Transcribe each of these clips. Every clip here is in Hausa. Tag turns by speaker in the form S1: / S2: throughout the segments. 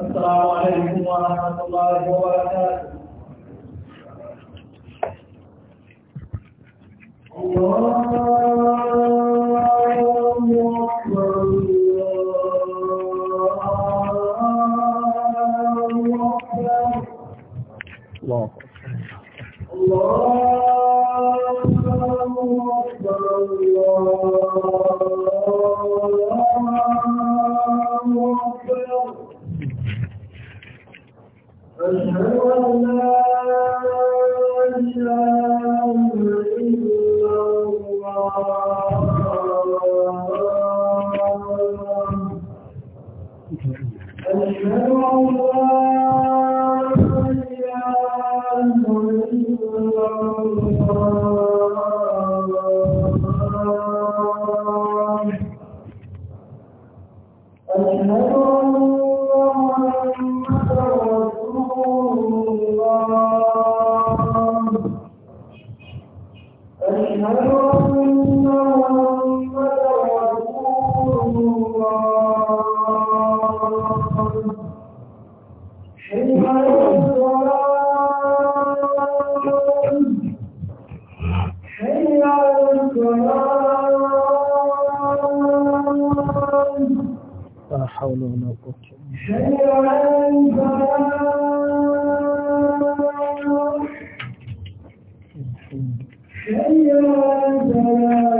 S1: السلام عليكم ورحمة الله وبركاته الله أكبر الله Hare Krishna. حي على الصلاة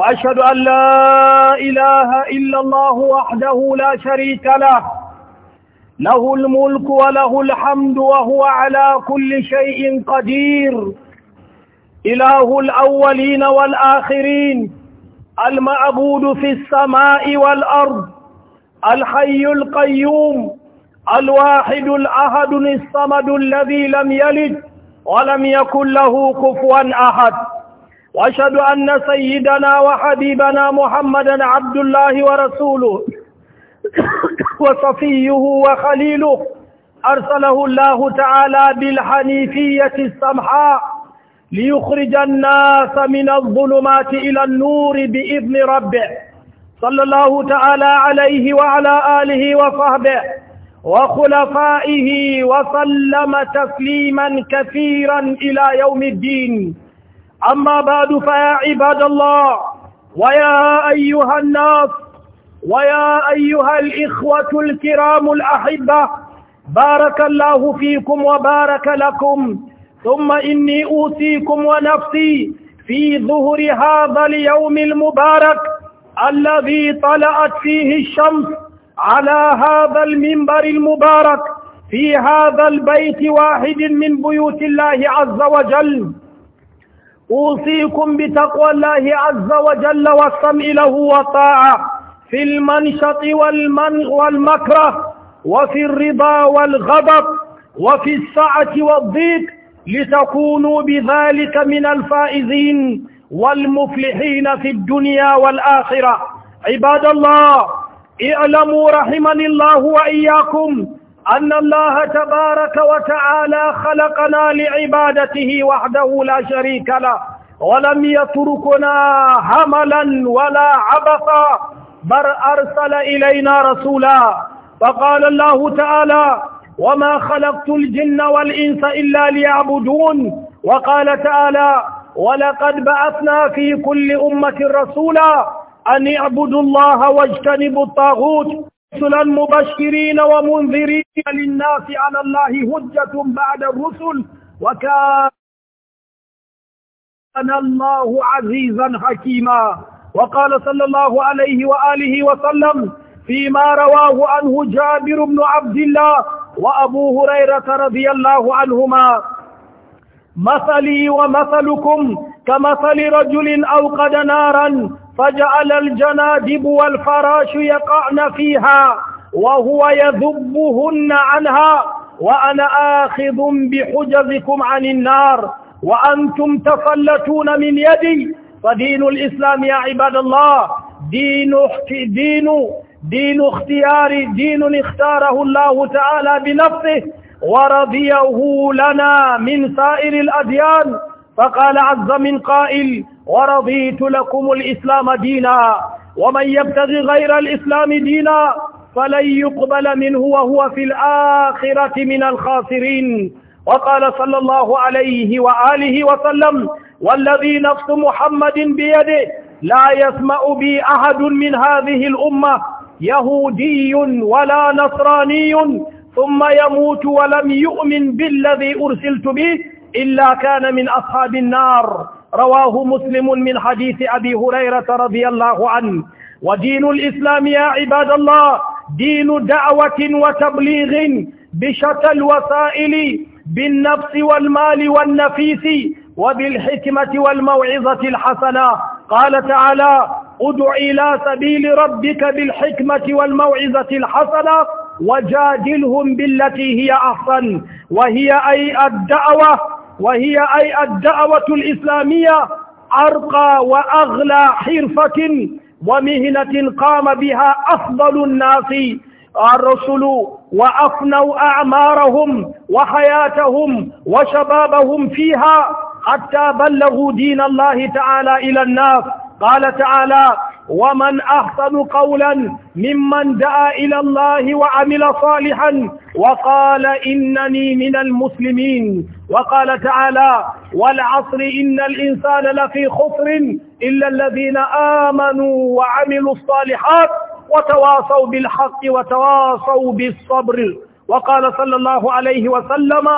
S2: وأشهد أن لا إله إلا الله وحده لا شريك له له الملك وله الحمد وهو على كل شيء قدير إله الأولين والآخرين المعبود في السماء والأرض الحي القيوم الواحد الأحد الصمد الذي لم يلد ولم يكن له كفوا أحد وأشهد أن سيدنا وحبيبنا محمدا عبد الله ورسوله وصفيه وخليله أرسله الله تعالى بالحنيفية السمحاء ليخرج الناس من الظلمات إلى النور بإذن ربه صلى الله تعالى عليه وعلى آله وصحبه وخلفائه وسلم تسليما كثيرا إلى يوم الدين أما بعد فيا عباد الله ويا أيها الناس ويا أيها الإخوة الكرام الأحبة بارك الله فيكم وبارك لكم ثم إني أوصيكم ونفسي في ظهر هذا اليوم المبارك الذي طلعت فيه الشمس على هذا المنبر المبارك في هذا البيت واحد من بيوت الله عز وجل أوصيكم بتقوى الله عز وجل والسمع له والطاعة في المنشط والمن والمكره وفي الرضا والغضب وفي السعة والضيق لتكونوا بذلك من الفائزين والمفلحين في الدنيا والآخرة عباد الله اعلموا رحمني الله وإياكم أن الله تبارك وتعالى خلقنا لعبادته وحده لا شريك له ولم يتركنا هملا ولا عبثا بل أرسل إلينا رسولا فقال الله تعالى وما خلقت الجن والإنس إلا ليعبدون وقال تعالى ولقد بعثنا في كل أمة رسولا أن اعبدوا الله واجتنبوا الطاغوت رسلا مبشرين ومنذرين للناس على الله هجة بعد الرسل وكان الله عزيزا حكيما وقال صلى الله عليه وآله وسلم فيما رواه عنه جابر بن عبد الله وأبو هريرة رضي الله عنهما مثلي ومثلكم كمثل رجل أوقد نارا فجعل الجنادب والفراش يقعن فيها وهو يذبهن عنها وأنا آخذ بحجزكم عن النار وأنتم تفلتون من يدي فدين الإسلام يا عباد الله دين دين دين اختيار دين اختاره الله تعالى بنفسه ورضيه لنا من سائر الأديان فقال عز من قائل ورضيت لكم الإسلام دينا ومن يبتغي غير الإسلام دينا فلن يقبل منه وهو في الآخرة من الخاسرين وقال صلى الله عليه وآله وسلم والذي نفس محمد بيده لا يسمع بي أحد من هذه الأمة يهودي ولا نصراني ثم يموت ولم يؤمن بالذي أرسلت به إلا كان من أصحاب النار رواه مسلم من حديث أبي هريرة رضي الله عنه ودين الإسلام يا عباد الله دين دعوة وتبليغ بشتى الوسائل بالنفس والمال والنفيس وبالحكمة والموعظة الحسنة قال تعالى ادع إلى سبيل ربك بالحكمة والموعظة الحسنة وجادلهم بالتي هي أحسن وهي أي الدعوة وهي أي الدعوة الإسلامية أرقى وأغلى حرفة ومهنة قام بها أفضل الناس الرسل وأفنوا أعمارهم وحياتهم وشبابهم فيها حتى بلغوا دين الله تعالى إلى الناس قال تعالى ومن أحسن قولا ممن دعا إلى الله وعمل صالحا وقال إنني من المسلمين وقال تعالى والعصر إن الإنسان لفي خسر إلا الذين آمنوا وعملوا الصالحات وتواصوا بالحق وتواصوا بالصبر وقال صلى الله عليه وسلم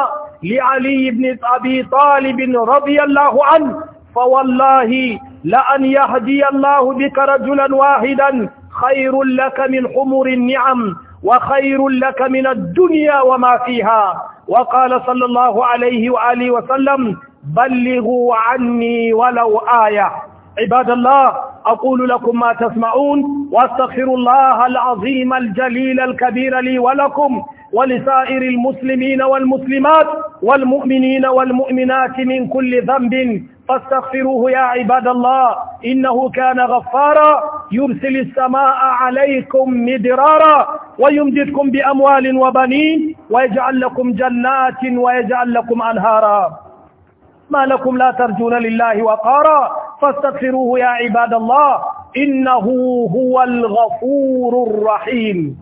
S2: لعلي بن أبي طالب رضي الله عنه فوالله لأن يهدي الله بك رجلا واحدا خير لك من حمر النعم وخير لك من الدنيا وما فيها وقال صلى الله عليه وآله وسلم بلغوا عني ولو آية عباد الله أقول لكم ما تسمعون واستغفر الله العظيم الجليل الكبير لي ولكم ولسائر المسلمين والمسلمات والمؤمنين والمؤمنات من كل ذنب فاستغفروه يا عباد الله إنه كان غفارا يرسل السماء عليكم مدرارا ويمددكم بأموال وبنين ويجعل لكم جنات ويجعل لكم أنهارا ما لكم لا ترجون لله وقارا فاستغفروه يا عباد الله إنه هو الغفور الرحيم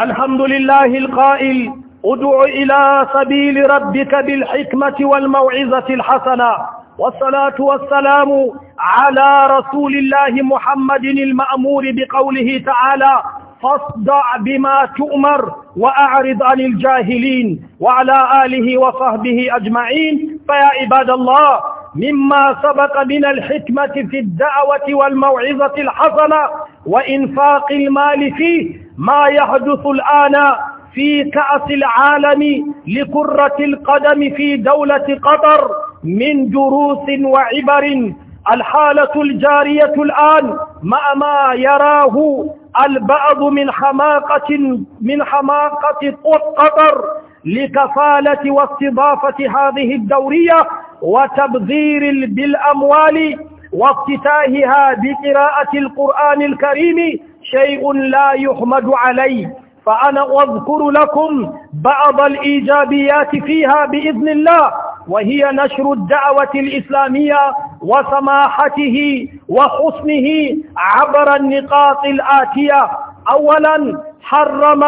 S2: الحمد لله القائل ادع إلى سبيل ربك بالحكمة والموعظة الحسنة والصلاة والسلام على رسول الله محمد المأمور بقوله تعالى فاصدع بما تؤمر وأعرض عن الجاهلين وعلى آله وصحبه أجمعين فيا عباد الله مما سبق من الحكمة في الدعوة والموعظة الحسنة وإنفاق المال فيه ما يحدث الآن في كأس العالم لكرة القدم في دولة قطر من دروس وعبر الحالة الجارية الآن مع ما يراه البعض من حماقة من حماقة قطر لكفالة واستضافة هذه الدورية وتبذير بالأموال وافتتاهها بقراءة القرآن الكريم شيء لا يحمد عليه فأنا أذكر لكم بعض الإيجابيات فيها بإذن الله وهي نشر الدعوة الإسلامية وسماحته وحسنه عبر النقاط الآتية أولا حرم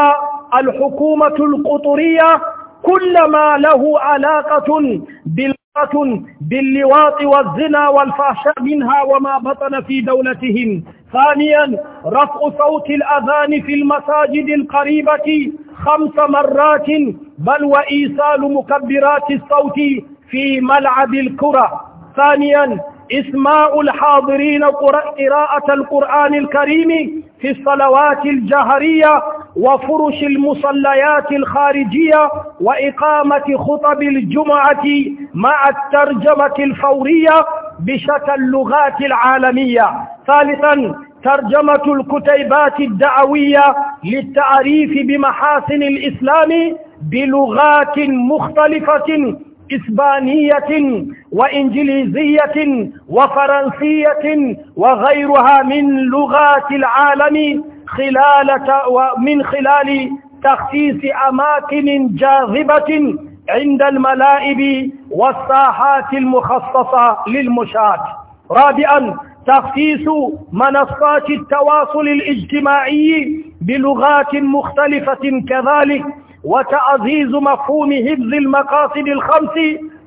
S2: الحكومة القطرية كل ما له علاقة بال باللواط والزنا والفحشاء منها وما بطن في دولتهم ثانيا رفع صوت الأذان في المساجد القريبة خمس مرات بل وإيصال مكبرات الصوت في ملعب الكرة ثانيا إسماء الحاضرين قراءة القرآن الكريم في الصلوات الجهرية وفرش المصليات الخارجية وإقامة خطب الجمعة مع الترجمة الفورية بشتى اللغات العالمية ثالثا ترجمة الكتيبات الدعوية للتعريف بمحاسن الإسلام بلغات مختلفة إسبانية وإنجليزية وفرنسية وغيرها من لغات العالم خلال ومن خلال تخصيص أماكن جاذبة عند الملائب والساحات المخصصة للمشاة رابعا تخصيص منصات التواصل الاجتماعي بلغات مختلفة كذلك وتعزيز مفهوم حفظ المقاصد الخمس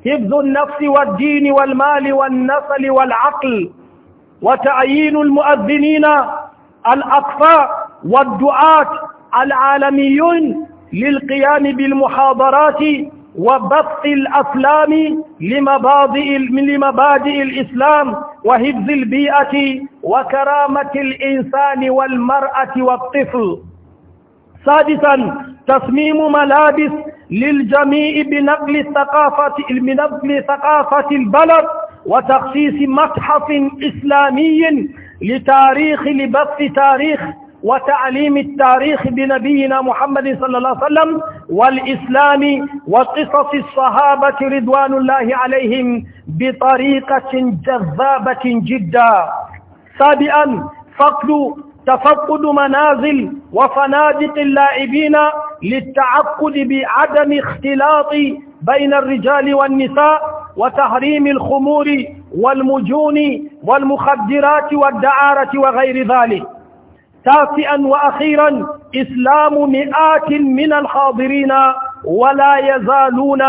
S2: حفظ النفس والدين والمال والنسل والعقل وتعيين المؤذنين الأقفاء والدعاة العالميون للقيام بالمحاضرات وبث الأفلام لمبادئ, لمبادئ الإسلام وحفظ البيئة وكرامة الإنسان والمرأة والطفل سادسا تصميم ملابس للجميع بنقل ثقافة بنقل ثقافة البلد وتخصيص متحف إسلامي لتاريخ لبث تاريخ وتعليم التاريخ بنبينا محمد صلى الله عليه وسلم والإسلام وقصص الصحابة رضوان الله عليهم بطريقة جذابة جدا سابعا فقد تفقد منازل وفنادق اللاعبين للتعقد بعدم اختلاط بين الرجال والنساء وتحريم الخمور والمجون والمخدرات والدعارة وغير ذلك تاسعا وأخيرا إسلام مئات من الحاضرين ولا يزالون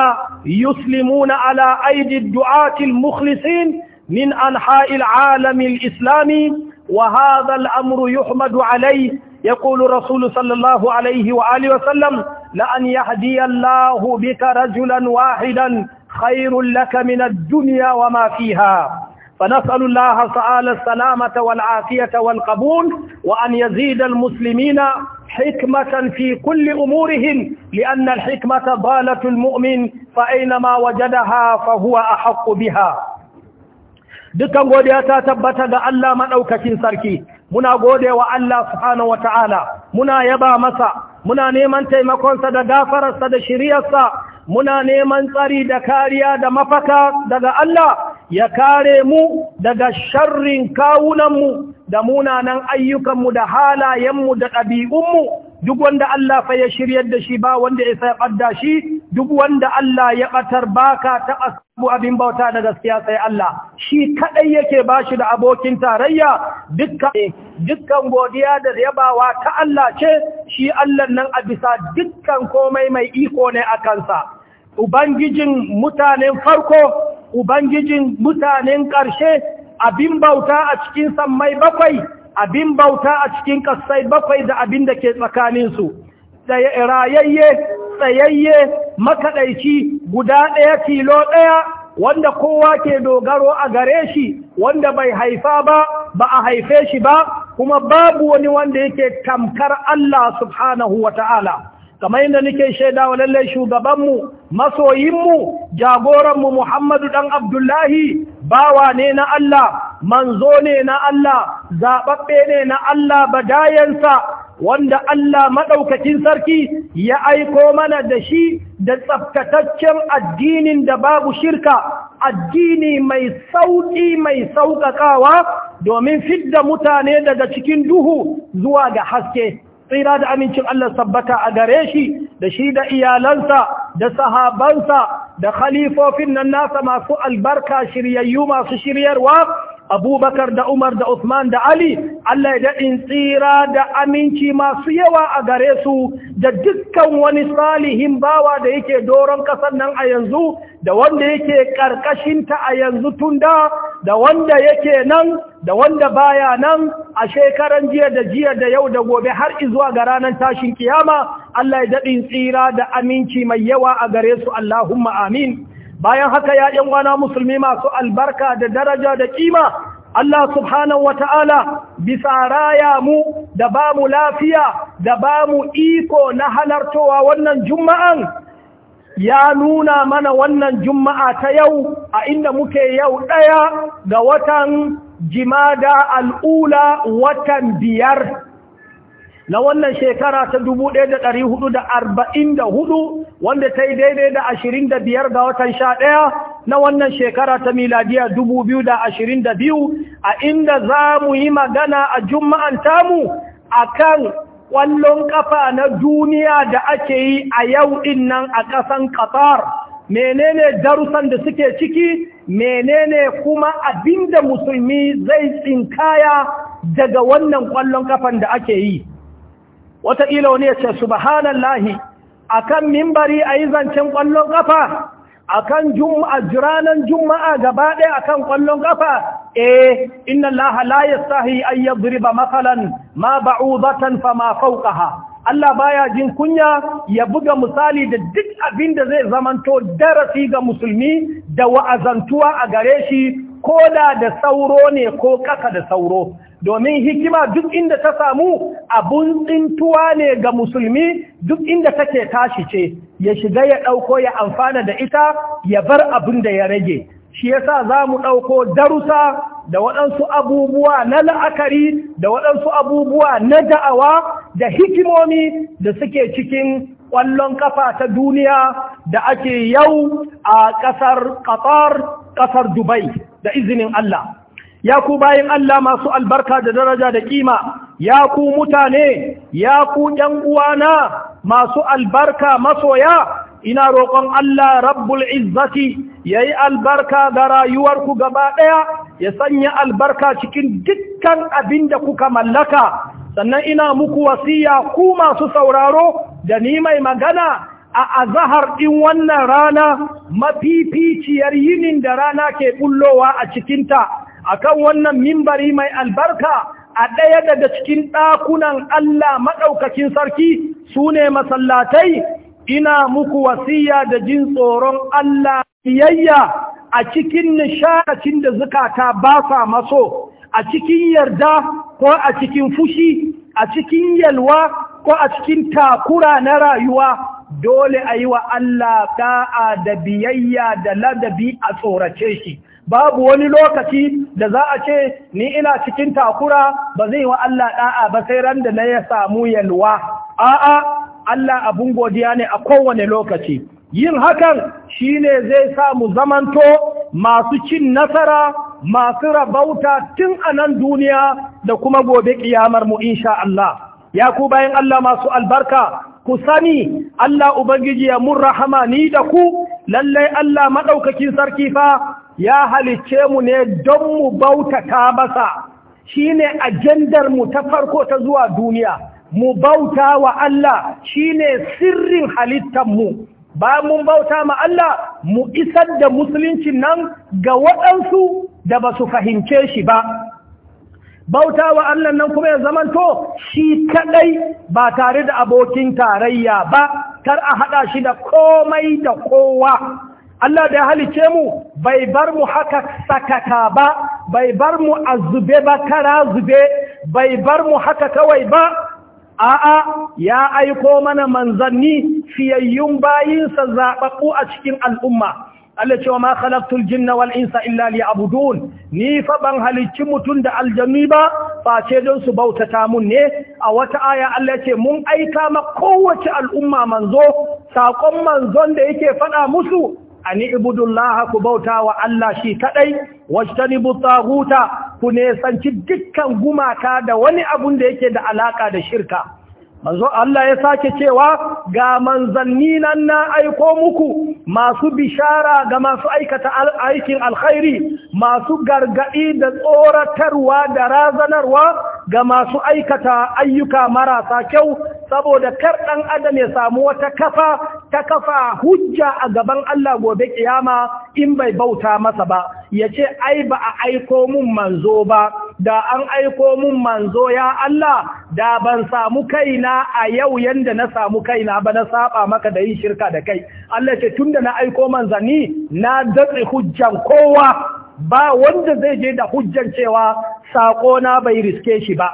S2: يسلمون على أيدي الدعاة المخلصين من أنحاء العالم الإسلامي وهذا الأمر يحمد عليه يقول رسول صلى الله عليه وآله وسلم لأن يهدي الله بك رجلا واحدا خير لك من الدنيا وما فيها فنسأل الله تعالى السلامة والعافية والقبول وأن يزيد المسلمين حكمة في كل أمورهم لأن الحكمة ضالة المؤمن فأينما وجدها فهو أحق بها dukkan godiya ta tabbata ga Allah maɗaukakin sarki muna gode wa Allah subhanahu wa ta'ala muna yaba masa muna neman taimakonsa da gafararsa da shiryarsa muna neman tsari da kariya da mafaka daga Allah ya kare mu daga sharrin kawunanmu da munanan ayyukanmu da halayen mu da ɗabi'unmu duk wanda Allah fa ya shiryar da shi ba wanda ya sai ɓadda shi duk wanda Allah ya batar baka ta asabu abin bauta da gaskiya sai Allah shi kaɗai yake ba shi da abokin tarayya dukkan godiya da yabawa ta Allah ce shi Allah nan a bisa dukkan komai mai iko ne a kansa ubangijin mutanen farko ubangijin mutanen ƙarshe abin bauta a cikin mai bakwai abin bauta a cikin kasai bakwai da abin da ke tsakaninsu rayayye tsayayye makaɗaici guda ɗaya tilo ɗaya wanda kowa ke dogaro a gare shi wanda bai haifa ba ba a haife shi ba kuma babu wani wanda yake tamkar Allah subhanahu wa ta'ala kamar yadda nake shaida wa lallai shugabanmu masoyinmu jagoranmu Muhammadu dan Abdullahi bawa ne na Allah manzo ne na Allah zababbe ne na Allah badayansa wanda Allah madaukakin sarki ya aiko mana da shi da tsaftataccen addinin da babu shirka addini mai sauƙi mai sauƙaƙawa domin fidda mutane daga cikin duhu zuwa ga haske tsira da amincin Allah sabbata a gare shi da shi da iyalansa da sahabansa da khalifofin nan nasa masu albarka shiryayyu masu shiryarwa abubakar da umar da usman da ali allah ya daɗin tsira da aminci masu yawa a gare su da dukkan wani salihin bawa da yake doron ƙasar nan a yanzu da wanda yake ƙarƙashinta a yanzu tun da da wanda yake nan da wanda baya nan a shekaran jiya da jiya da yau da gobe har izuwa ga ranar tashin kiyama allah ya daɗin tsira da aminci mai yawa a gare su allahumma amin bayan haka ya yan wana musulmi masu albarka da daraja da kima Allah subhanahu wata'ala bisa raya mu da ba mu lafiya da ba mu iko na halartowa wannan juma'an ya nuna mana wannan juma'a ta yau a inda muke yau ɗaya ga watan jimada al'ula watan biyar na wannan shekara ta 1444 wanda ta yi daidai da 25 ga watan 11 na wannan shekara ta miladiya 2022 a inda za mu yi magana a juma'an tamu a kan ƙwallon ƙafa na duniya da ake yi a yau ɗin nan a ƙasan ƙasar menene darussan da suke ciki menene kuma abinda musulmi zai tsinkaya daga wannan ƙwallon ƙafan da ake yi wataƙila wani ya ce subhanallahi akan mimbari a yi zancen ƙwallon ƙafa akan jiranan juma'a gaba ɗaya akan ƙwallon ƙafa eh inna allaha la yastahi an yadriba mathalan ma ba'udatan fama Allah baya jin kunya ya buga misali da duk abin da zai zamanto darasi ga musulmi da wa'azantuwa a gare shi ko da da sauro ne ko kasa da sauro domin hikima duk inda ta samu abun tsintuwa ne ga musulmi duk inda take tashi ce ya shiga ya ɗauko ya amfana da ita ya bar abin da ya rage shi yasa za mu ɗauko darusa da waɗansu abubuwa na la'akari da waɗansu abubuwa na da'awa da hikimomi da suke cikin ƙwallon kafa ta duniya da ake yau a ƙasar ƙafar ƙasar dubai da izinin Allah ya ku bayan Allah masu albarka da daraja da kima ya ku mutane ya ku ‘yan uwana masu albarka masoya ina roƙon Allah rabbul izzati yayi albarka ga rayuwarku gaba ɗaya ya sanya albarka cikin dukkan abin da kuka mallaka sannan ina muku wasiya ku masu sauraro da ni mai magana a azahar ɗin wannan rana mafificiyar yinin da rana ke bullowa a cikinta akan wannan mimbari mai albarka a ɗaya daga cikin ɗakunan Allah maɗaukakin sarki su ne masallatai ina muku wasiya da jin tsoron Allah biyayya a cikin nishakacin da zukata ba sa maso a cikin yarda ko a cikin fushi a cikin yalwa ko a cikin takura na rayuwa dole a yi wa Allah da'a da biyayya da ladabi a tsorace shi babu wani lokaci da za a ce ni ina cikin takura ba zai wa Allah da'a ba sai ran da na ya samu yalwa a'a Allah abun godiya ne a kowane lokaci yin hakan shine zai sa mu zamanto masu cin nasara masu rabauta tun a nan duniya da kuma gobe kiyamar mu insha Allah ya ku bayan Allah masu albarka ku sani Allah Ubangiji ya mun rahama ni da ku lallai Allah maɗaukakin sarki fa ya halice mu ne don mu bautata masa shine ajandar mu ta farko ta zuwa duniya mu bauta wa Allah shi ne sirrin halittar mu mun bauta ma Allah mu isar da musulunci nan ga waɗansu da ba su fahimce shi ba bauta wa Allah nan kuma ya zamanto shi kadai ba tare da abokin tarayya ba kar a haɗa shi da komai da kowa Allah da ya halice mu bai bar mu haka sakaka ba bai bar mu azube ba kara zube bai bar mu haka kawai ba a'a ya aiko mana manzanni fiyayyun bayinsa zaɓaɓɓu a cikin al'umma Allah cewa ma khalaqtul jinna wal insa illa liya'budun ni fa ban halicci mutun da aljanni ba face don su bautata mun ne a wata aya Allah ce mun aika ma kowace al'umma manzo sakon manzon da yake faɗa musu ani ibudullah ku bauta wa Allah shi kadai wajtanibu taghuta ku ne dukkan gumaka da wani abun da yake da alaka da shirka manzo Allah ya sake cewa ga manzanni nan na aiko muku masu bishara ga masu aikata aikin alkhairi masu gargadi da tsoratarwa da razanarwa ga masu aikata ayyuka marasa kyau saboda kar ɗan adam ya samu wata kafa ta kafa hujja a gaban Allah gobe kiyama in bai bauta masa ba ya ce ai ba a aiko mun manzo ba da an aiko mun manzo ya Allah da ban samu kaina a yau yadda na samu kaina ba na saba maka da yin shirka da kai Allah ce tunda na aiko manzanni na datse hujjan kowa ba wanda zai je da hujjan cewa saƙona bai riske shi ba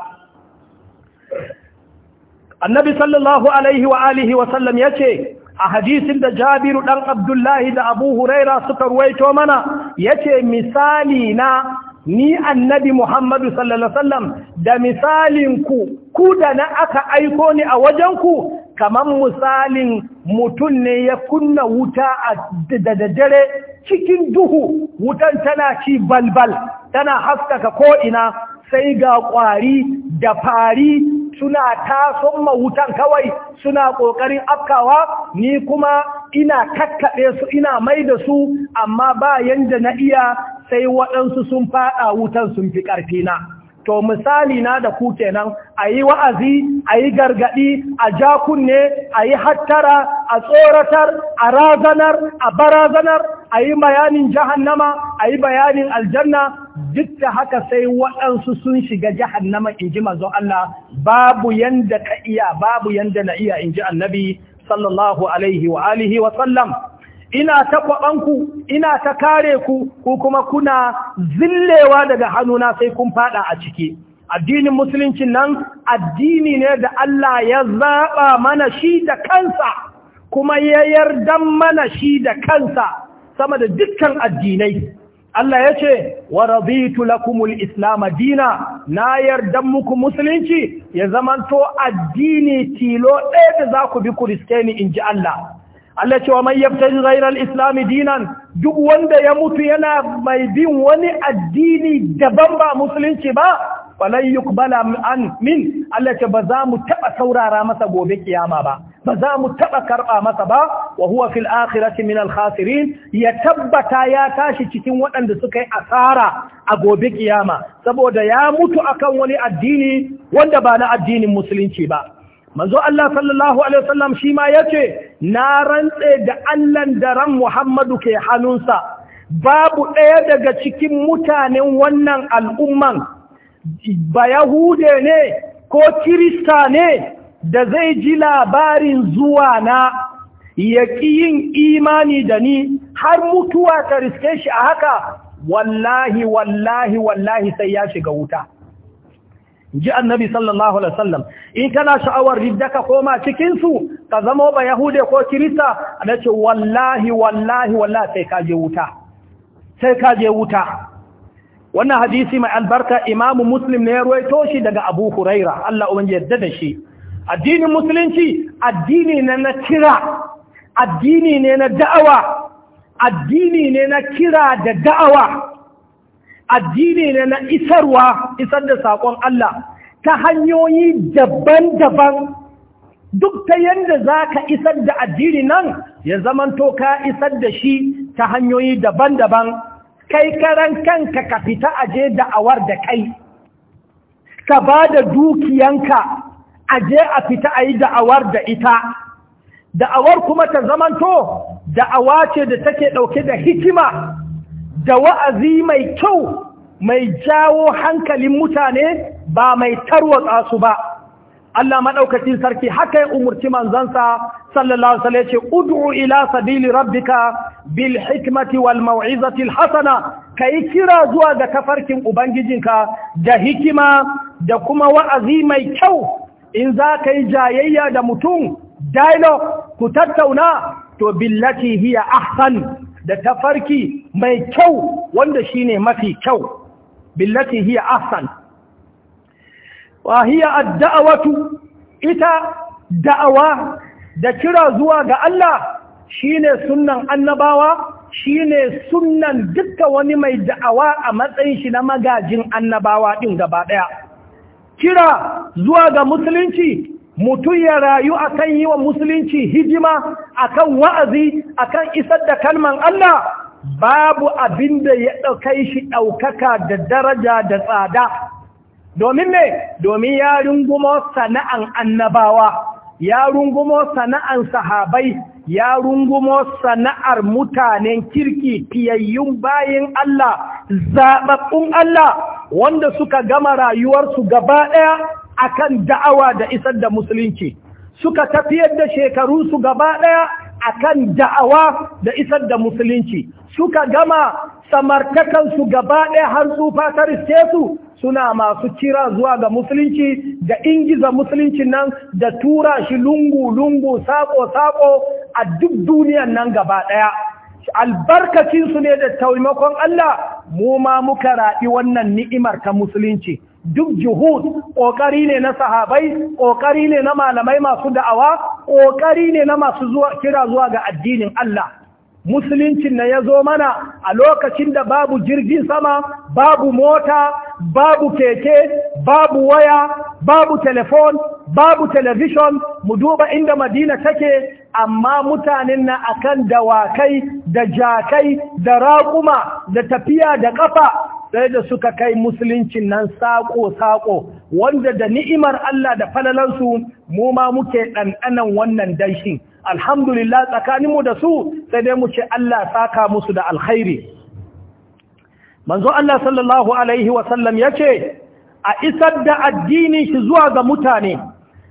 S2: annabi sallallahu alaihi wa alihi wa sallam yace a hadisin da jabiru dan abdullahi da abu huraira suka ruwaito mana yace misali na ni annabi muhammadu sallallahu sallam da misalin ku ku da na aka aiko ni a wajen ku kamar misalin mutum ne ya kunna wuta da daddare cikin duhu wutan tana ci balbal tana haskaka ko ina sai ga ƙwari da fari suna tason mawutan kawai suna ƙoƙarin afkawa ni kuma ina kakkaɓe su ina mai da su amma ba yanda na iya sai waɗansu sun faɗa wutan sun fi ƙarfina. to misali na da ku kenan a yi wa'azi a yi gargaɗi a ja kunne a yi hattara a tsoratar a razanar a barazanar a yi bayanin jahannama a yi bayanin aljanna duk da haka sai waɗansu sun shiga jahannama in ji mazo Allah babu yanda ka iya babu yanda na iya in ji annabi sallallahu alaihi wa alihi wa sallam ina ta kwaɓanku ina ta kare ku ku kuma kuna zillewa daga hannuna sai kun faɗa a ciki addinin musulunci nan addini ne da Allah ya zaɓa mana shi da kansa kuma ya yarda mana shi da kansa sama da dukkan addinai Allah ya ce wa raditu lakumul islam dina na yarda muku musulunci ya zamanto addini tilo ɗaya da za ku bi ku riske ni in ji Allah Allah cewa man yabtaji ghayra al-islam dinan duk wanda ya mutu yana mai bin wani addini daban ba musulunci ba falan yuqbala an min Allah ce ba za mu taba saurara masa gobe kiyama ba ba za mu taba karba masa ba wa huwa fil akhirati min al khasirin ya tabbata ya tashi cikin waɗanda suka yi asara a gobe kiyama saboda ya mutu akan wani addini wanda ba na addinin musulunci ba manzo Allah sallallahu alaihi wasallam shi ma yace na rantse da Allah da ran Muhammadu ke hannunsa babu ɗaya daga cikin mutanen wannan al'umman ba Yahude ne ko Kirista ne da zai ji labarin zuwa na ya yin imani da ni har mutuwa ta riske shi a haka wallahi wallahi wallahi sai ya shiga wuta. ji annabi sallallahu alaihi wasallam in kana sha'awar ridda koma cikin su ka zama ba yahude ko kirista ana ce wallahi wallahi wallahi sai ka je wuta sai ka je wuta wannan hadisi mai albarka imamu muslim ne ya ruwaito shi daga abu huraira Allah ubangi yadda da shi addinin musulunci addini ne na kira addini ne na da'awa addini ne na kira da da'awa addini ne na isarwa isar da saƙon Allah ta hanyoyi daban-daban duk ta yadda za ka isar da addini nan ya zamanto ka isar da shi ta hanyoyi daban-daban kai karan kanka ka fita aje da'awar da kai ka ba da dukiyanka aje a fita a yi da'awar da ita da'awar kuma ta zamanto da'awa ce da take ɗauke da hikima da wa'azi mai kyau mai jawo hankalin mutane ba mai tarwatsa su ba Allah maɗaukacin sarki haka ya umarci manzansa sallallahu alaihi ce ud'u ila sabili rabbika bil hikmati wal mau'izati al hasana kira zuwa ga tafarkin ubangijinka da hikima da kuma wa'azi mai kyau in za ka yi jayayya da mutum dialogue ku tattauna to billati hiya ahsan da tafarki mai kyau wanda shine mafi kyau billati hiya ahsan wa hiya ad ita da'awa da kira zuwa ga Allah shine sunan annabawa shine sunan dukka wani mai da'awa a matsayin shi na magajin annabawa ɗin gaba ɗaya. kira zuwa ga musulunci mutum ya rayu akan yi wa musulunci hijima akan wa'azi akan isar da kalman Allah babu abin da ya ɗaukai shi ɗaukaka da daraja da tsada domin ne domin ya rungumo sana'an annabawa ya rungumo sana'an sahabai ya rungumo sana'ar mutanen kirki fiyayyun bayin Allah zaɓaɓɓun Allah wanda suka gama rayuwarsu gaba ɗaya akan da'awa da isar da musulunci suka tafiyar da shekaru su gaba daya akan da'awa da isar da musulunci suka gama su gaba daya har tsufa fatar su suna masu kira zuwa ga musulunci da ingiza musulunci nan da tura shi lungu-lungu sako-sako a duk duniyan nan gaba albarkacin albarkacinsu ne da taimakon Allah mu ma muka raɗi wannan ni'imar ta musulunci duk juhud ƙoƙari ne na sahabai ƙoƙari ne na malamai masu da'awa ƙoƙari ne na masu kira zuwa ga addinin Allah musulunci na ya zo mana a lokacin da babu jirgin sama babu mota babu keke babu waya babu telefon babu telebishon mu duba inda madina take amma mutanen na akan dawakai da jakai da raƙuma da tafiya da ƙafa sai da suka kai musulunci nan saƙo-saƙo wanda da ni'imar Allah da falalansu mu ma muke ɗanɗanan wannan danshin alhamdulillah tsakaninmu da su sai dai mu ce Allah saka musu da alkhairi manzo Allah sallallahu alaihi wasallam ya ce a isar da addini shi zuwa ga mutane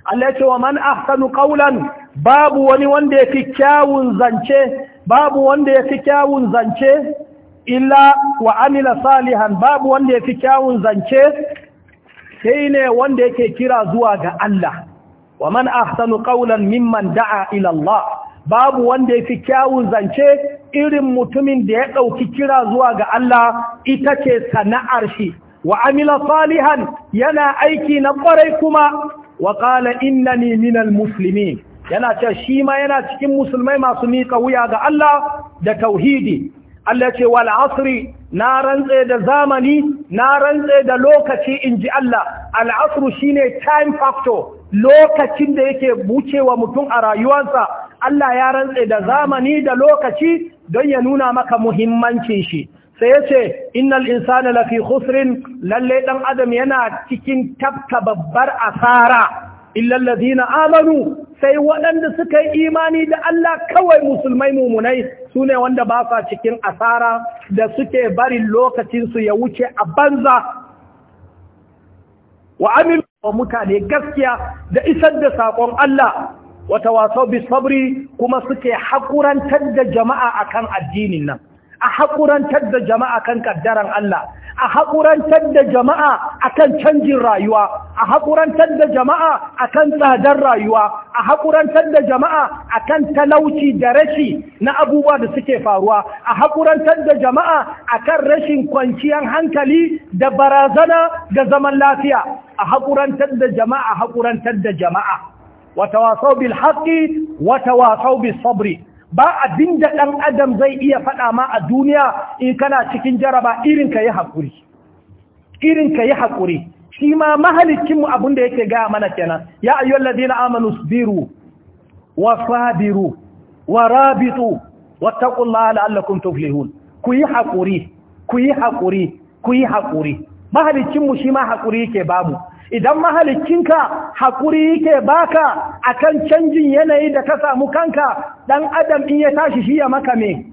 S2: Allah ya ce wa man ahsanu qawlan babu wani wanda yafi kyawun zance babu wanda yafi kyawun zance illa wa amila salihan babu wanda yafi kyawun zance sai ne wanda yake kira zuwa ga Allah wa man ahsanu qawlan mimman da'a ila Allah babu wanda yafi kyawun zance irin mutumin da ya dauki kira zuwa ga Allah ita ce sana'ar shi wa amila salihan yana aiki na kwarai kuma wa qala innani minal muslimin yana ce shi ma yana cikin musulmai masu miƙa wuya ga Allah da tauhidi Allah ce wal asri na rantse da zamani na rantse da lokaci inji Allah al asru shine time factor lokacin da yake bucewa mutum a rayuwarsa Allah ya rantse da zamani da lokaci don ya nuna maka muhimmancin shi sai ya ce innal insana lafi khusrin lalle dan adam yana cikin tabka babbar asara illal ladina amanu sai waɗanda suka yi imani da Allah kawai musulmai mumunai su ne wanda ba sa cikin asara da suke barin lokacinsu ya wuce a banza wa amin wa mutane gaskiya da isar da saƙon Allah wata wasau bisabri kuma suke haƙurantar da jama'a akan addinin nan a haƙurantar da jama'a kan ƙaddaran Allah, a haƙurantar da jama'a a kan canjin rayuwa, a haƙurantar da jama'a a kan tsadar rayuwa, a haƙurantar da jama'a a kan talauci da rashi na abubuwa da suke faruwa, a haƙurantar da jama'a a kan rashin kwanciyar hankali da barazana ga zaman lafiya, a haƙurantar da jama'a, haƙurantar da jama'a. Wata wasau bil haƙi, wata wasau bil sabri. ba abin da ɗan adam zai iya faɗa ma a duniya in kana cikin jaraba irin ka yi haƙuri irin ka yi haƙuri shi ma mahalicinmu abin da yake gaya mana kenan ya ayyuan ladina amanu biru wa sabiru wa rabitu wa taƙullaha la'allakun tuflihun ku yi haƙuri ku yi haƙuri ku yi haƙuri mahalicinmu shi ma haƙuri yake babu idan mahalikinka haƙuri yake baka akan canjin yanayi da ka samu kanka ɗan adam in ya tashi shi ya maka me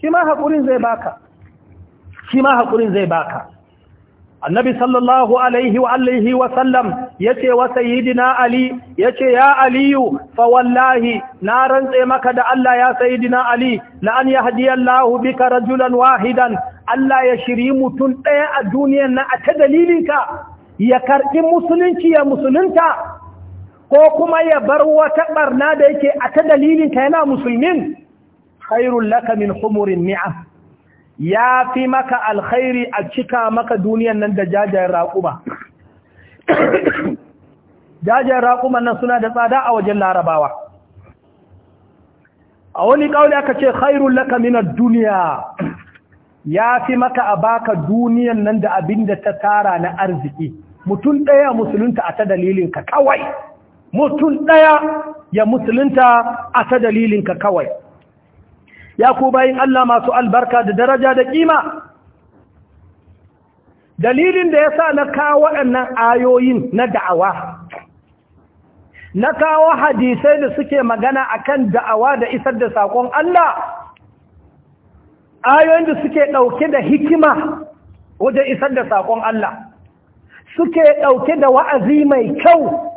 S2: shi ma haƙurin zai baka shi ma haƙurin zai baka annabi sallallahu alaihi wa alaihi wa wa sayyidina ali yace ya aliyu fa wallahi na rantse maka da Allah ya sayyidina ali la an yahdiyallahu bika rajulan wahidan Allah ya shiri mutun daya a duniyar nan a ta dalilinka ya karɓi musulunci ya musulunta ko kuma ya bar wata ɓarna da yake a ta dalilinka yana musulmin khairun laka min humurin ni'a ya fi maka alkhairi a cika maka duniyan nan da jajayen raƙuma jajayen raƙuma nan suna da tsada a wajen larabawa a wani ƙauli aka ce khairun laka min duniya ya fi maka a baka duniyan nan da abin da ta tara na arziki mutum ɗaya musulunta a ta dalilinka kawai mutum ɗaya ya musulunta a ta dalilinka kawai ya ku bayin Allah masu albarka da daraja da kima dalilin da ya sa na kawo waɗannan ayoyin na da'awa na kawo hadisai da suke magana akan da'awa da isar da saƙon Allah ayoyin da suke ɗauke da hikima wajen isar da saƙon Allah suke ɗauke da wa'azi mai kyau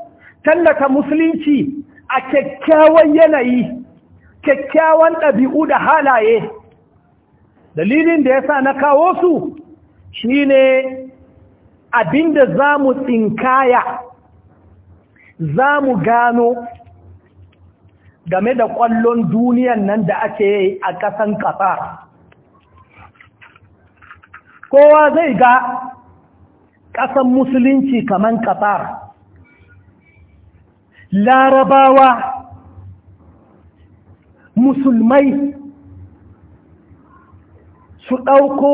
S2: tallata musulunci a kyakkyawan yanayi kyakkyawan ɗabi'u da halaye dalilin da ya sa na kawo su shi ne abinda za mu tsinkaya za mu gano game da ƙwallon duniyan nan da ake yi a ƙasan ƙasa kowa zai ga ƙasan musulunci kaman ƙasar larabawa musulmai su ɗauko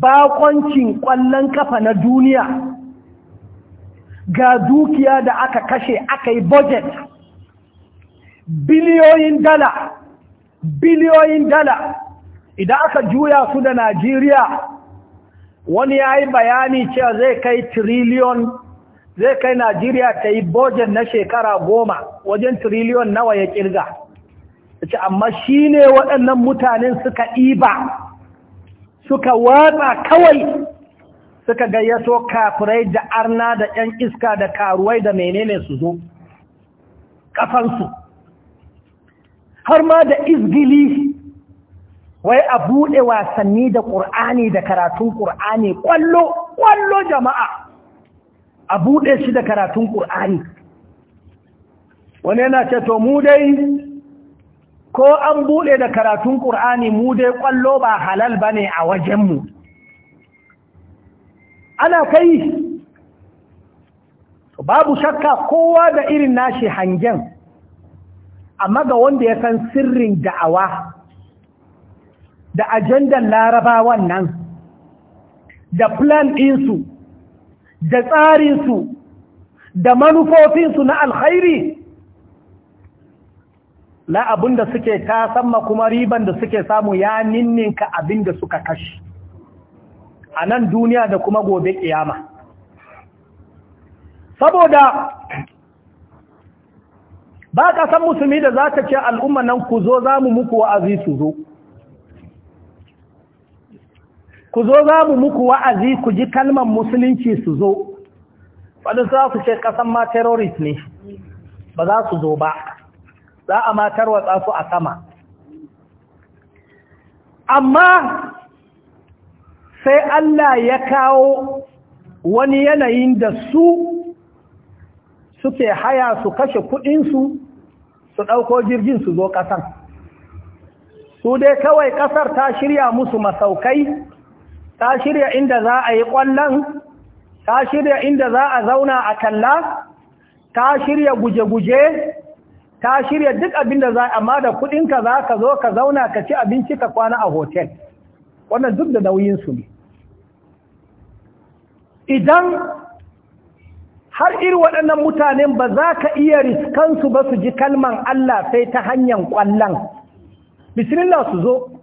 S2: bakoncin ƙwallon ƙafa na duniya ga dukiya da aka kashe aka yi budget biliyoyin dala biliyoyin dala idan aka juya su da Najeriya wani ya yi bayani cewa zai kai triliyon zai kai Najeriya ta yi bojen na shekara goma wajen triliyon nawa ya kirga ce amma shi ne waɗannan mutanen suka ɗiba suka watsa kawai suka gayyato kafirai da arna da 'yan iska da karuwai da menene su zo ƙafansu har ma da izgili wai a buɗe wasanni da ƙur'ani da karatun ƙur'ani ƙwallo ƙwallo jama'a a buɗe shi da karatun ƙur'ani wani yana ce to mu dai ko an buɗe da karatun ƙur'ani mu dai ƙwallo ba halal ba ne a wajenmu ana kai babu shakka kowa da irin nashi hangen amma ga wanda ya san sirrin da'awa da ajandan larabawan nan da plan ɗinsu da tsarinsu da manufofinsu na alkhairi la abin da suke tasamma kuma riban da suke samu ya ninninka abin da suka kashi a nan duniya da kuma gobe kiyama saboda ba ka san musulmi da za ta ce al'umma nan ku zo za mu muku wa'azi su zo ku zo za mu muku wa'azi ku ji kalmar musulunci su zo wadda za su ce ƙasan ma terrorist ne ba za su zo ba za a matar watsa su a sama amma sai Allah ya kawo wani yanayin da su suke haya su kashe kuɗinsu su ɗauko jirgin su zo ƙasan su dai kawai ƙasar ta shirya musu masaukai ta shirya inda za a yi ƙwallon ta shirya inda za a zauna a kalla ta shirya guje-guje ta shirya duk abin da za a amma da kudinka za ka zo ka zauna ka ci abinci ka kwana a hotel wannan duk da nauyinsu ne idan har iri waɗannan mutanen ba za ka iya riskansu ba su ji kalman Allah sai ta hanyar ƙwallon bisirin su zo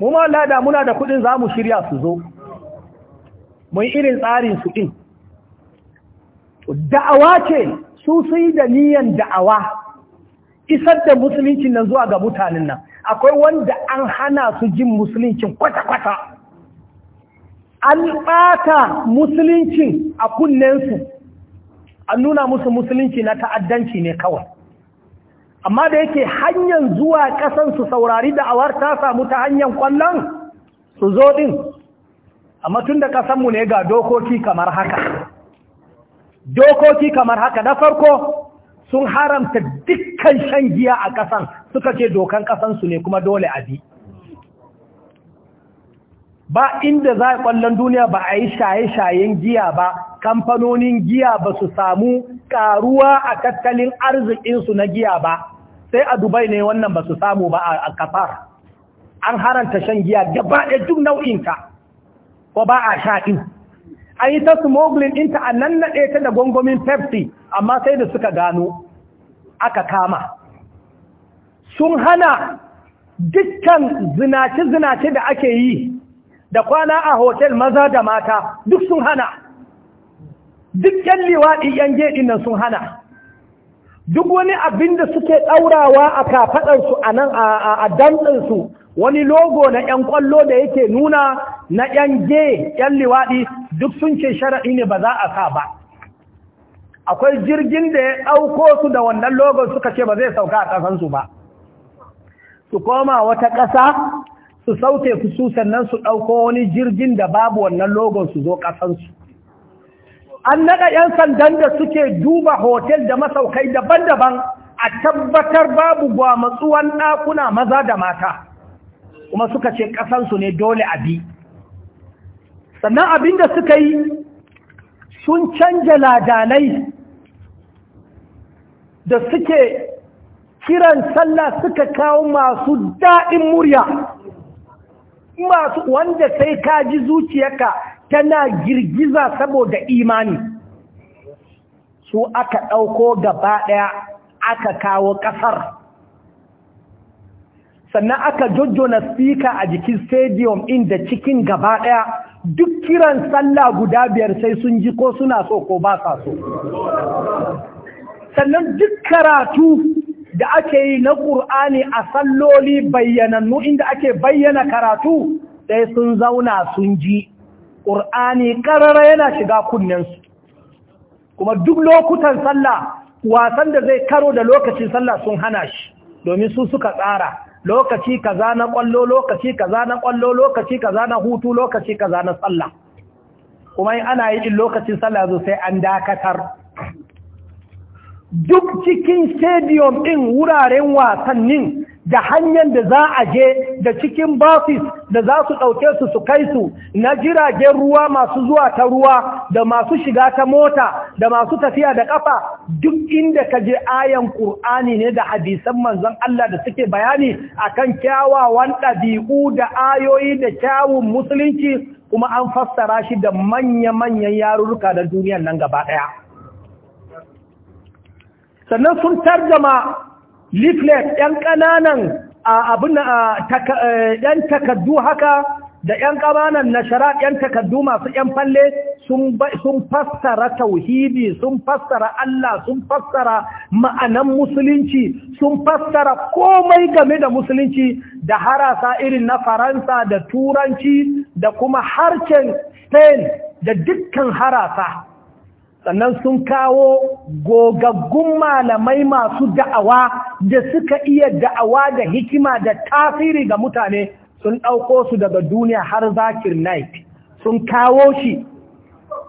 S2: mu ma Allah muna da kudin za mu shirya su zo mun irin tsarin su ɗin. da'awa ce su sai da niyan da'awa isar da musulunci nan zuwa ga mutanen nan akwai wanda an hana su jin musulunci kwata-kwata an ɓata musulunci a kunnen su. an nuna musu musulunci na ta'addanci ne kawai amma da yake hanyar zuwa ƙasan su saurari da'awar ta samu ta hanyar ƙwallon su zo ɗin amma tun da ƙasanmu ne ga dokoki kamar haka dokoki kamar haka na farko sun haramta dukkan shan giya a ƙasan suka ce dokan ƙasansu ne kuma dole a bi ba inda za a ƙwallon duniya ba a yi shaye-shayen giya ba kamfanonin giya ba su samu ƙaruwa a tattalin arzikinsu na giya ba sai a dubai ne wannan ba su samu ba a kafar an haranta shan giya gaba ɗaya duk nau'inka ko ba a sha a an yi ta smoglin inta a nan naɗe ta da gwangwamin pepsi amma sai da suka gano aka kama sun hana dukkan zinace-zinace da ake yi da kwana a hotel maza da mata duk sun hana duk liwaɗi yan geɗin nan sun hana duk wani abin da suke ɗaurawa a kafaɗarsu a nan a dantsinsu wani logo na 'yan ƙwallo da yake nuna na 'yan ge 'yan liwaɗi duk sun ce shara'i ne ba za a sa ba akwai jirgin da ya ɗauko su da wannan logo suka ce ba zai sauka a ƙasansu ba su koma wata ƙasa su sauke su sannan su ɗauko wani jirgin da babu wannan logo su zo ƙasansu an naɗa 'yan sandan da suke duba hotel da masaukai daban-daban a tabbatar babu gwamatsuwan ɗakuna maza da mata kuma suka ce ƙasansu ne dole a bi sannan abin da suka yi sun canja ladanai da suke kiran sallah suka kawo masu daɗin murya masu wanda sai ka ji zuciyarka tana girgiza saboda imani su aka ɗauko gaba ɗaya aka kawo ƙasar sannan aka jojjona spika a jikin stadium inda cikin gaba ɗaya duk kiran sallah guda biyar sai sun ji ko suna so ko ba sa so sannan duk karatu da ake yi na ƙur'ani a salloli bayyanannu inda ake bayyana karatu sai sun zauna sun ji ƙur'ani ƙarara yana shiga kunninsu kuma duk lokutan sallah wasan da zai karo da lokacin sallah sun hana shi domin su suka tsara lokaci kaza na ƙwallo lokaci kaza na ƙwallo lokaci kaza na hutu lokaci kaza na sallah kuma in ana yi in lokacin sallah zo sai an dakatar duk cikin stadium ɗin wuraren wasannin da hanyar da za a je da cikin basis da za su ɗauke su su kai su na jiragen ruwa masu zuwa ta ruwa da masu shiga ta mota da masu tafiya da ƙafa duk inda ka je ayan ƙur'ani ne da hadisan manzon Allah da suke bayani akan kyawawan ɗabi'u da ayoyi da kyawun musulunci kuma an fassara shi da manya-manyan yarurruka da duniyan nan gaba ɗaya sannan sun tarjama leaflet ‘yan ƙananan abin eh, yan takaddu haka da yan ƙananan na shara yan takaddu masu yan falle sun fassara tauhidi sun fassara Allah sun fassara ma'anan musulunci sun fassara komai game da musulunci da harasa irin na faransa da turanci da kuma harshen spain da dukkan harasa sannan sun kawo gogaggun malamai masu da'awa da suka iya da'awa da hikima da tasiri ga mutane sun ɗauko su daga duniya har zakir night sun kawo shi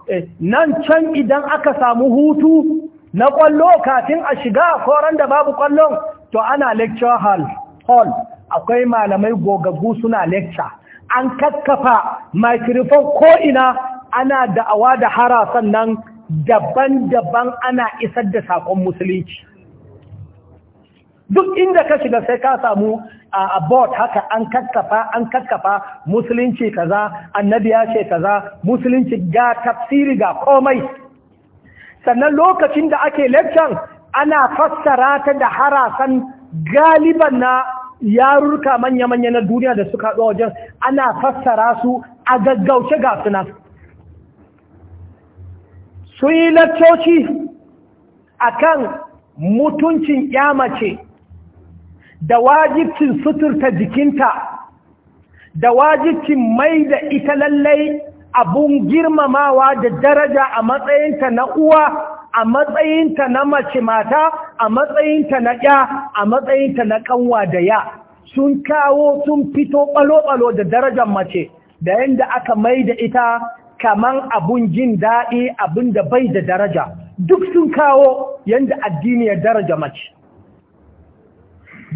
S2: eh, nan can idan aka samu hutu na ƙwallo kafin a shiga koran da babu ƙwallon to ana lecture hall akwai malamai gogaggu suna lecture an kakkafa microphone ko'ina ana da'awa da harasan nan daban-daban ana isar da sakon musulunci duk inda ka shiga sai ka samu a board haka an kakkafa an kakkafa musulunci kaza annabi ya ce kaza musulunci ga tafsiri ga komai sannan lokacin da ake lecture ana fassara ta da harasan galiban na yarurka manya-manya na duniya da suka ɗo wajen ana fassara su a gaggauce ga sunan sun yi laccoci a kan mutuncin mace da wajibcin suturta jikinta da wajibcin mai da ita lallai abun girmamawa da daraja a matsayinta na uwa a matsayinta na mace mata a matsayinta na ya a matsayinta na ƙanwa da ya sun kawo sun fito ɓalo-ɓalo da darajar mace da yadda aka mai da ita kaman abun jin daɗi abun da bai da daraja duk sun kawo yadda addini ya daraja mace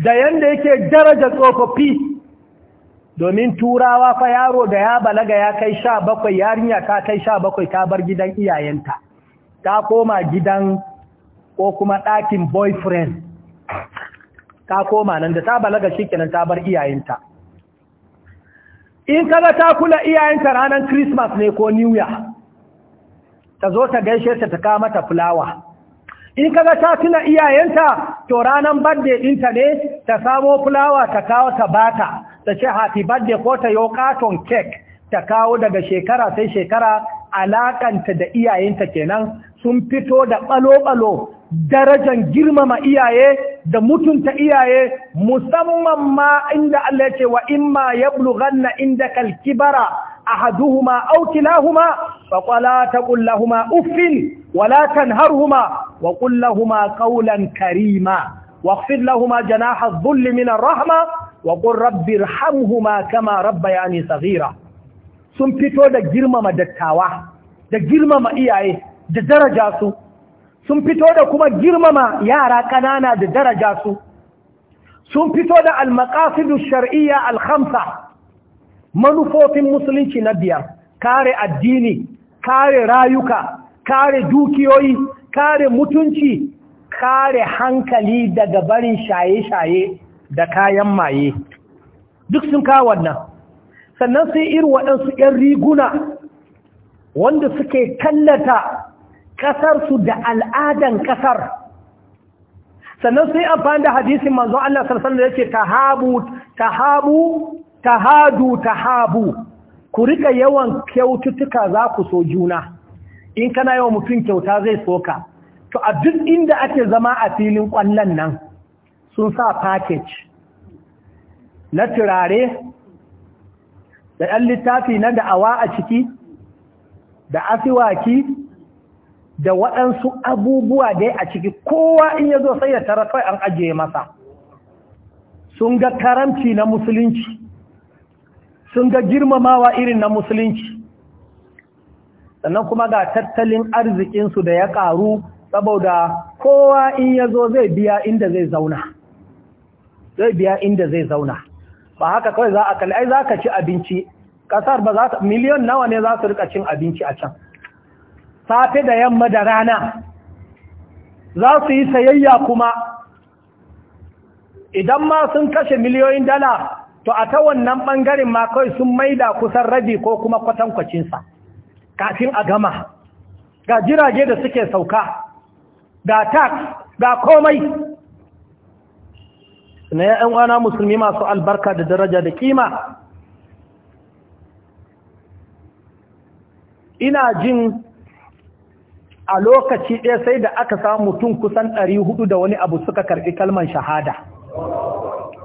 S2: da yadda yake daraja tsofaffi domin turawa fa yaro da ya balaga ya kai sha bakwai yarinya ta kai sha bakwai ta bar gidan iyayenta ta koma gidan ko kuma ɗakin boyfriend ta koma nan da ta balaga shi kenan ta bar iyayenta in kaga ta kula iyayenta ranar Christmas ne ko New Year ta zo ta gaishe ta ta kawo mata fulawa in kaga ta tuna iyayenta to ranar birthday ɗinta ne ta samo fulawa ta kawo ta bata ta ce happy birthday ko ta yi katon cake ta kawo daga shekara sai shekara alakanta da iyayenta kenan sun fito da balo-balo darajan girmama iyaye da mutunta iyaye musamman ma inda Allah ya ce wa imma yablughanna inda al-kibara ahaduhuma aw kilahuma faqala taqul lahumu uffin wala tanharhuma wa qul lahumu qawlan karima واغفر لهما جناح الظل من wa وقل رب ارحمهما كما ربياني صغيرا sun fito da girmama dattawa da girmama iyaye da daraja su sun fito da kuma girmama yara ƙanana da daraja su sun fito da da shari'a alhamsa manufofin musulunci na biyar kare addini kare rayuka kare dukiyoyi kare mutunci kare hankali daga barin shaye-shaye da kayan maye duk sun kawo wannan sannan sai irin waɗansu 'yan riguna wanda suke kallata ƙasarsu da al'adan ƙasar sannan sai amfani da hadisin manzo Allah sarsan da yake tahabu tahabu tahadu tahabu ku rika yawan kyaututtuka za ku so juna in kana yawan mutum kyauta zai soka to a duk inda ake zama a filin kwallon nan sun sa package na turare da ɗan littafi na da'awa a ciki da asiwaki da waɗansu abubuwa da ya a ciki kowa in ya zo sai ya tara kai an ajiye masa sun ga karamci na musulunci sun ga girmamawa irin na musulunci sannan kuma ga tattalin arzikinsu da ya ƙaru saboda kowa in ya zo zai biya inda zai zauna zai biya inda zai zauna ba haka kawai za a kalli ai za ka ci abinci ƙasar ba za ta miliyon nawa ne za su rika cin abinci a can safe da yamma da rana za su yi sayayya kuma idan ma sun kashe miliyoyin dala to a ta wannan ɓangaren ma kawai sun maida kusan rabi ko kuma kwatankwacinsa kafin a gama ga jirage da suke sauka ga tax ga komai na ‘yan wana musulmi masu albarka da daraja da kima ina jin a lokaci ɗaya sai da aka samu mutum kusan ɗari hudu da wani abu suka karɓi kalman shahada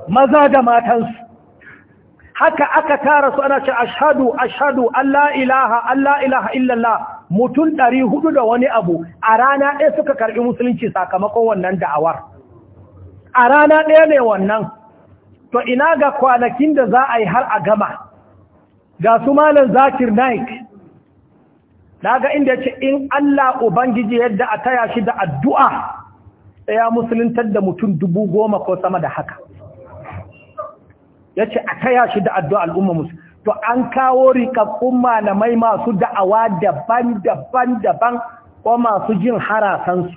S2: maza da matansu haka aka tara su ana ce ashadu ashadu Allah ilaha Allah ilaha illallah mutum ɗari hudu da wani abu a rana ɗaya suka karɓi musulunci sakamakon wannan da'awar a rana ɗaya ne wannan to ina ga kwanakin da za a yi har a gama ga su malam zakir naik daga inda ya ce in Allah Ubangiji yadda a taya shi da addu'a ya musuluntar da mutum dubu goma ko sama da haka ya ce a taya shi da addu'a al'umma musul. to an kawo rikakkun malamai masu da'awa daban-daban-daban ko masu jin harasansu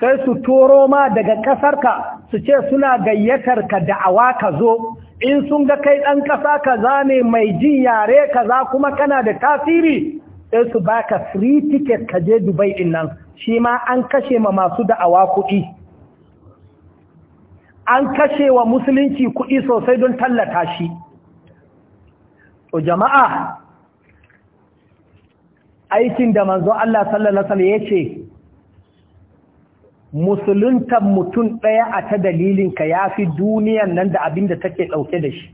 S2: sai su toro ma daga ƙasarka su ce suna gayyatar ka da'awa ka zo in sun ga kai ɗan ƙasa kaza ne mai jin yare ka za kuma kana da tasiri sai su baka free ticket ka je Dubai din nan shi ma an kashe ma masu da'awa kuɗi an kashe wa musulunci kuɗi sosai don tallata shi to jama'a aikin da manzo Allah sallallahu alaihi wasallam yace musuluntan mutum ɗaya a ta dalilinka ya fi duniyan nan da abin da take ɗauke da shi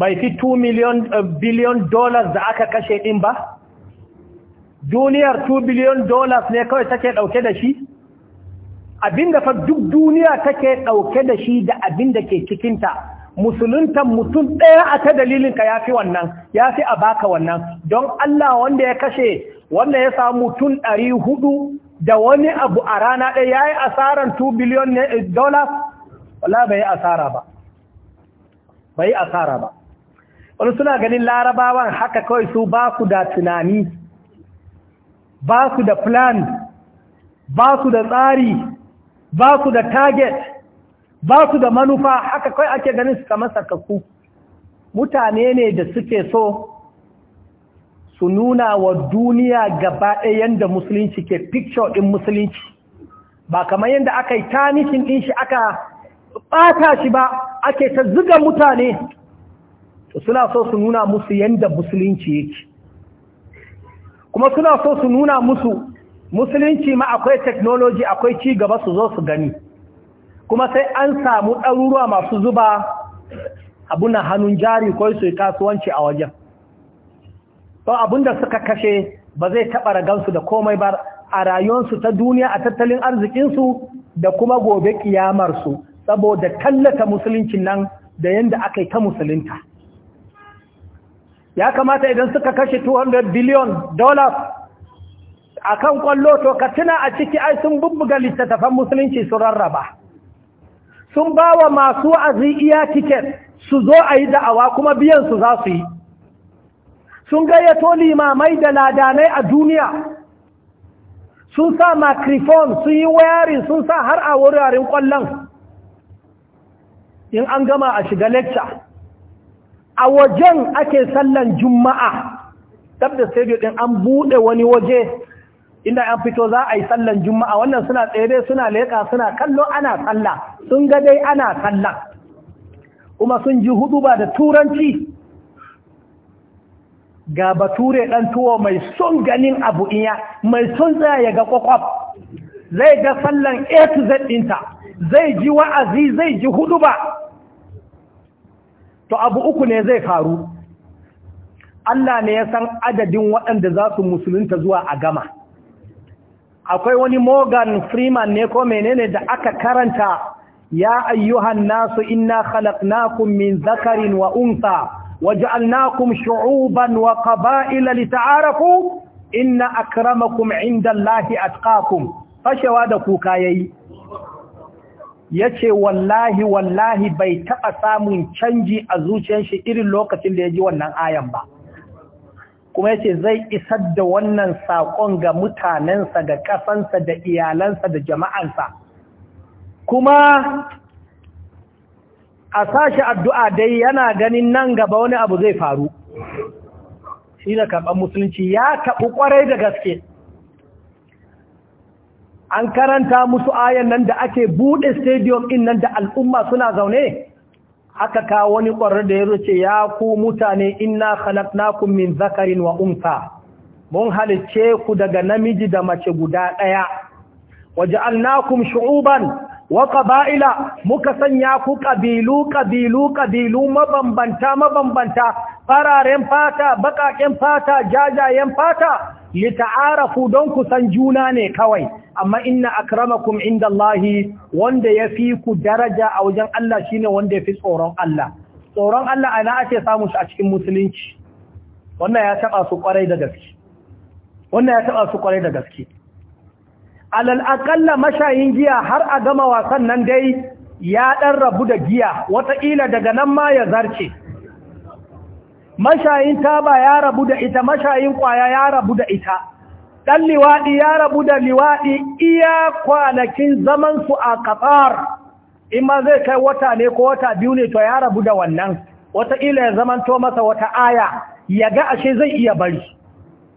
S2: bai fi 2 million uh, billion dollars da aka kashe din ba duniyar 2 billion dollars ne kawai take dauke da shi abinda fa duk duniya take dauke da shi da abinda ke cikinta musulunta mutum ɗaya a ta dalilin ka yafi wannan yafi a baka wannan don Allah wanda ya kashe wanda ya samu mutum ɗari hudu da wani abu a rana ɗaya ya yi asaran 2 billion eh, dollars wala bai asara ba bai asara ba wani suna ganin larabawan haka kawai su ba ku da tunani ba ku da plan ba ku da tsari ba ku da target ba ku da manufa haka kawai ake ganin su kamar sakaku mutane ne da suke so su nuna wa duniya gaba ɗaya yadda musulunci ke picture ɗin musulunci ba kamar yadda aka yi tanishin ɗin shi aka ɓata shi ba ake ta zuga mutane suna so su nuna musu yadda musulunci yake kuma suna so su nuna musu musulunci ma akwai technology akwai ci gaba su zo su gani kuma sai an samu ɗaruruwa masu zuba abunan hannun jari ko su yi kasuwanci a wajen to da suka kashe ba zai taɓa ragansu da komai ba a rayuwarsu ta duniya a tattalin arzikinsu da kuma gobe ƙiyamarsu saboda tallata musuluncin nan da yadda aka yi ta musulunta ya kamata idan suka kashe 200 billion dollars a kan kwallo to ka tuna a ciki ai sun bubbuga littattafan musulunci su rarraba sun ba wa masu azi'iya tiket su zo a yi da'awa kuma biyan su za su yi sun gayyato limamai da ladanai a duniya sun sa makrifon sun yi wayarin sun sa har a wuraren kwallon in an gama a shiga lecture a wajen ake sallan juma'a dab da din an buɗe wani waje inda an fito za a yi sallan juma'a wannan suna tsere suna leƙa suna kallo ana salla. sun ga dai ana salla kuma sun ji hudu ba da turanci ga bature ɗan tuwo mai son ganin abu iya mai son tsaya ya ga kwakwaf zai ga sallan a to z ɗinta zai ji wa'azi zai ji hudu ba to abu uku ne zai faru Allah ne ya san adadin waɗanda za su musulunta zuwa a gama akwai wani Morgan Freeman ne ko menene da aka karanta ya ayyuhan nasu inna khalaqnakum min zakarin wa unsa waj'alnakum shu'uban wa qaba'ila lita'arafu inna akramakum 'inda Allahi atqakum fashewa da kuka yayi ya ce wallahi wallahi bai taɓa samun canji a zuciyar shi irin lokacin da ya ji wannan ayan ba kuma ya ce zai isar da wannan saƙon ga mutanensa da ƙasansa da iyalansa da jama'ansa kuma a sashi addu'a dai yana ganin nan gaba wani abu zai faru shi na karɓar musulunci ya taɓu ƙwarai da gaske an karanta musu ayan nan da ake bude stadium in nan da al'umma suna zaune aka kawo wani ƙwarar da ya ce ya ku mutane inna khalaqnakum min zakarin wa unsa mun halicce ku daga namiji da mace guda ɗaya waja'alnakum shu'uban wa qaba'ila muka sanya ku ƙabilu ƙabilu ƙabilu mabambanta mabambanta fararen fata baƙaƙen fata jajayen fata lita'arafu don ku san juna ne kawai amma inna akramakum indallahi wanda yafi ku daraja a wajen Allah shine wanda yafi tsoron Allah tsoron Allah ana ake samu shi a cikin musulunci wannan ya taba su kwarai da gaske wannan ya taba su kwarai da gaske alal aqalla mashayin giya har a gama wasan nan dai ya dan rabu da giya wata ila daga nan ma ya zarce mashayin taba ya rabu da ita mashayin kwaya ya rabu da ita ɗan liwaɗi ya rabu da liwaɗi iya kwanakin zamansu a kafar in ma zai kai wata ne ko wata biyu ne to ya rabu da wannan wata ila ya zamanto masa wata aya ya ga ashe zai iya bari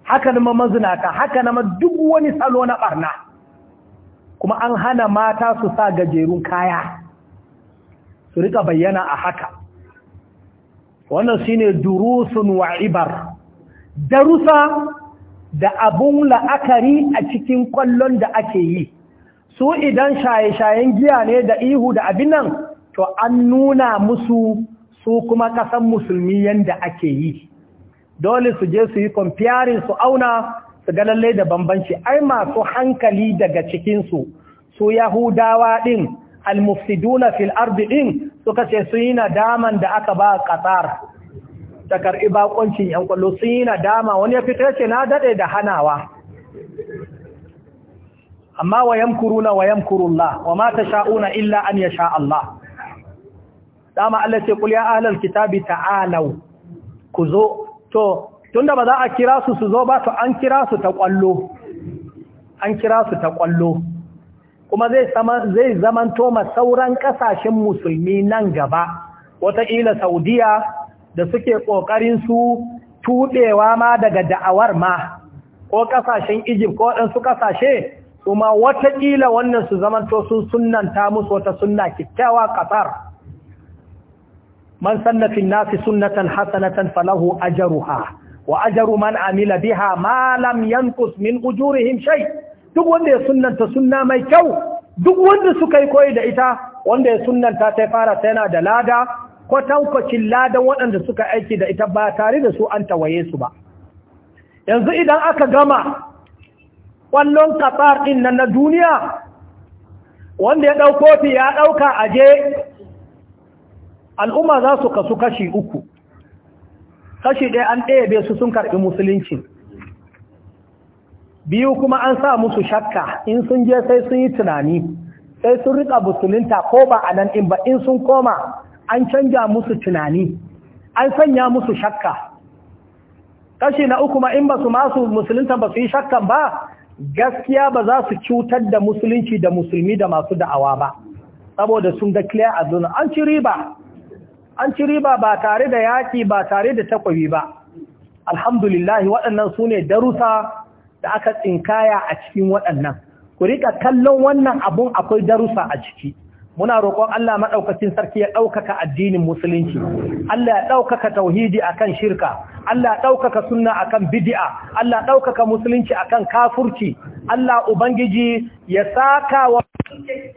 S2: haka nama mazinata haka nama duk wani salo na ɓarna kuma an hana mata su sa gajerun kaya su rika bayyana a haka wannan shine durusun wa ibar darusa da abun la'akari a cikin kwallon da ake yi su idan shaye-shayen giya ne da ihu da abin nan to an nuna musu su kuma kasan musulmi yadda ake yi dole su je su yi kwamfiyarin su auna su galalle da bambanci ai masu hankali daga cikinsu su yahudawa ɗin almufsiduna fil arbi'in suka ce sun yi nadaman da aka ba Qatar ta karɓi bakoncin ‘yan kwallo sun yi nadama wani ya fito ce na daɗe da hanawa amma wayan kuruna wayan kurullah wa mata sha'una illa an ya sha Allah dama Allah ce kuliya ahlal kitabi ta'alau ku zo to tunda ba za a kira su su zo ba to an kira su ta kwallo an kira su ta kwallo kuma zai zamanto ma sauran ƙasashen musulmi nan gaba wataƙila saudiya da suke ƙoƙarin su tuɗewa ma daga da'awar ma ko ƙasashen egypt ko waɗansu ƙasashe kuma wataƙila wannan su zamanto sun sunanta musu wata sunna kyakkyawa ƙasar man sanna fi nasi sunnatan hasanatan falahu ajruha wa ajru man amila biha ma lam yanqus min ujurihim shay duk wanda ya sunanta sunna mai kyau duk wanda suka yi koyi da ita wanda ya sunanta ta fara ta yana da lada kwatankwacin lada waɗanda suka aiki da ita ba tare da su an tawaye su ba yanzu idan aka gama ƙwallon katsar ɗin na duniya wanda ya ɗauko fi ya ɗauka a je al'umma za su kasu kashi uku kashi ɗaya an ɗaya su sun karɓi musulunci biyu kuma an sa musu shakka in sun je sai sun yi tunani sai sun rika musulunta ko ba a nan in ba in sun koma an canja musu tunani an sanya musu shakka kashi na uku ma in ba su masu musulunta ba su yi shakkan ba gaskiya ba za su cutar da musulunci da musulmi da masu da'awa ba saboda sun da clear a zuna an ci riba an ci riba ba tare da yaki ba tare da takwabi ba alhamdulillah waɗannan su ne darusa da aka tsinkaya a cikin waɗannan ku rika kallon wannan abun akwai darussa a ciki muna roƙon Allah maɗaukacin sarki ya ɗaukaka addinin musulunci Allah ya ɗaukaka tauhidi akan shirka Allah ya ɗaukaka sunna akan bid'a Allah ya ɗaukaka musulunci akan kafurci Allah ubangiji ya saka
S1: wa